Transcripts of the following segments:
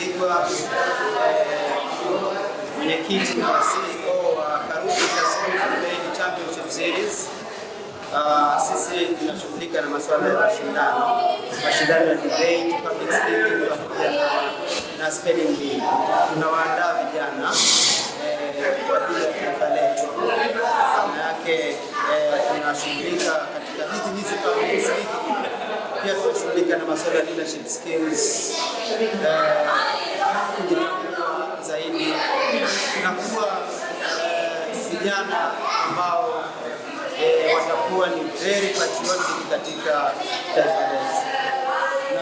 Alikuwa eh, mwenyekiti wa CEO wa Karubi Made Championship Series. Sisi tunashughulika na masuala ya mashindano, mashindano ya debate, public speaking pamoja na spelling bee. Tunawaandaa vijana eh, kwa ajili ya taifa letu, maana yake eh, tunashughulika masuala leadership skills eh, zaidi, tunakuwa eh, vijana ambao eh, watakuwa ni very patriotic katika taifa letu,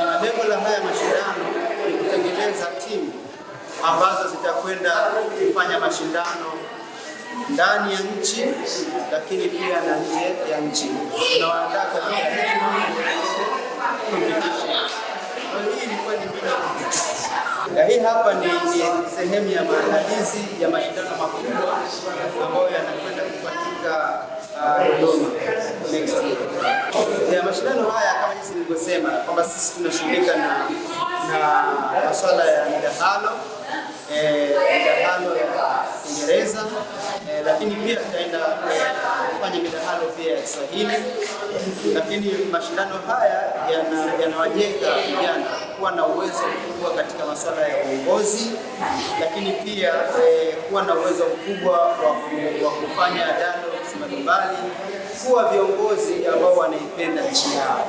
na lengo la haya mashindano ni kutengeneza timu ambazo zitakwenda kufanya mashindano ndani ya nchi, lakini pia na nje ya nchi. Tunawaandaa katika ya hii hapa ni, ni sehemu ya maandalizi ya mashindano makubwa ambayo yanakwenda kufanyika ah, Dodoma next year. Ya mashindano haya kama jinsi nilivyosema kwamba sisi tunashughulika na na masuala ya midahalo eh, midahalo ya Kiingereza eh, lakini pia tutaenda eh, kufanya midahalo pia ya Kiswahili lakini mashindano haya yanawajenga yana vijana kuwa na uwezo mkubwa katika masuala ya uongozi, lakini pia eh, kuwa na uwezo mkubwa wa kufanya dialogues mbalimbali, kuwa viongozi ambao wanaipenda nchi yao.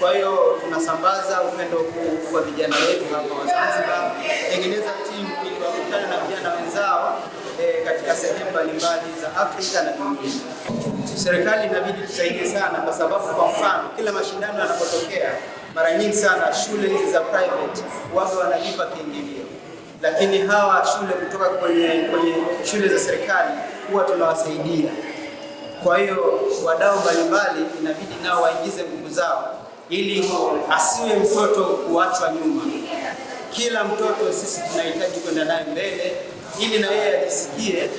Kwa hiyo tunasambaza upendo huu kwa vijana wetu hapa Zanzibar, tengeneza timu sehemu mbalimbali za Afrika na dunia. Serikali inabidi tusaidie sana, kwa sababu kwa mfano kila mashindano yanapotokea, mara nyingi sana shule hizi za private wao wanalipa kiingilio, lakini hawa shule kutoka kwenye, kwenye shule za serikali huwa tunawasaidia. Kwa hiyo wadau mbalimbali inabidi nao waingize nguvu zao, ili asiwe mtoto kuachwa nyuma. Kila mtoto sisi tunahitaji kwenda naye mbele ili na yeye ajisikie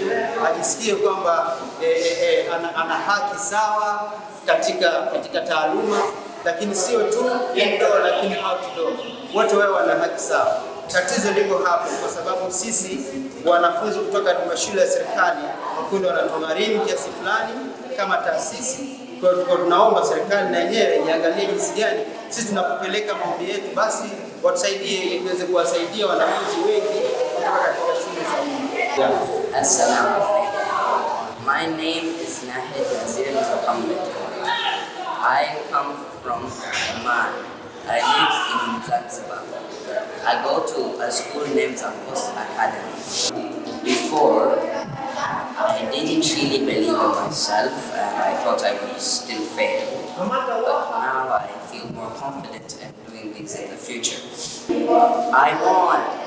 ajisikie kwamba e, e, ana, ana haki sawa katika, katika taaluma, lakini sio tu indoor lakini outdoor, wote wao wana haki sawa. Tatizo liko hapo kwa sababu sisi wanafunzi kutoka mashule ya serikali makundi wanatugharimu kiasi fulani kama taasisi kwa hiyo tunaomba serikali na yenyewe iangalie jinsi gani sisi tunapopeleka maombi yetu, basi watusaidie ili tuweze kuwasaidia wanafunzi wengi. Assalamu My name is Nahid Nazir Muhammad. I come from Oman. I live in Zanzibar. I go to a school named Zampos Academy. Before, I didn't really believe in myself and I thought I would still fail. But now I feel more confident in doing things in the future. I want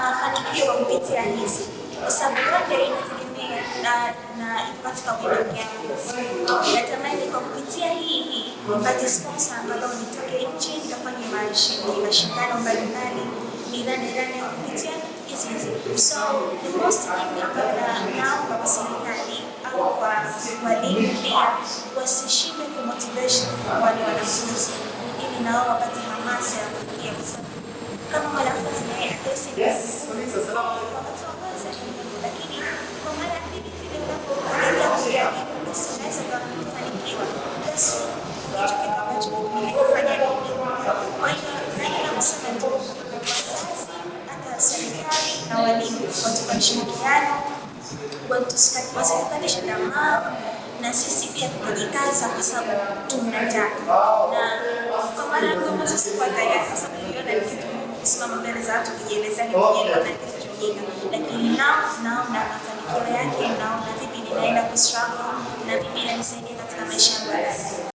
mafanikio kupitia hizi, kwa sababu yote inategemea na iko katika mwenendo yake. Natamani kwa kupitia hii hii nipate sponsor ambalo nitoke nje nikafanye mashindano mbalimbali niranirane kupitia hizi hizi. So the most thing ambayo naomba kwa serikali au kwa walimu pia wasishime kumotivation wale wanafunzi, ili nao wapate hamasa ya kuingia kama halafu azimai wakati lakini kwa mara pili vile unavyoangalia unaweza kufanikiwa basi hicho serikali na walimu watupe ushirikiano, tamaa na sisi pia tukajikaza, kwa sababu tunataka na kwa mara ya kwanza sikuwa tayari kusimama mbele za watu kujieleza ni mwenyewe na kitu kingine, lakini nao naona mafanikio yake, naona vipi ninaenda kustruggle na vipi inanisaidia katika maisha yangu.